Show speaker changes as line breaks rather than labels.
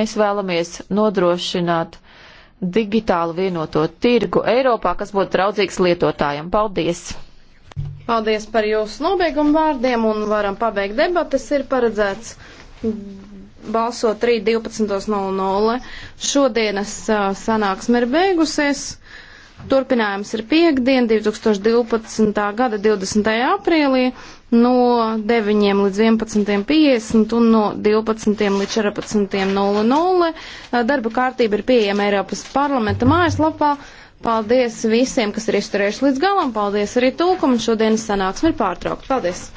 Mēs vēlamies nodrošināt digitālu vienoto tirgu Eiropā, kas būtu draudzīgs lietotājiem. Paldies! Paldies
par jūsu nobeigumu vārdiem un varam pabeigt debatas. Ir paredzēts balsot 3.12.00. Šodienas sanāksme ir beigusies. Turpinājums ir piekdien, 2012. gada 20. aprīlī no 9 līdz 11.50 un no 12 līdz 14.00. Darba kārtība ir pieejama Eiropas parlamenta mājaslapā. Paldies visiem, kas ir izturējuši līdz galam. Paldies arī tūkam. Šodienas sanāksme ir pārtraukta. Paldies!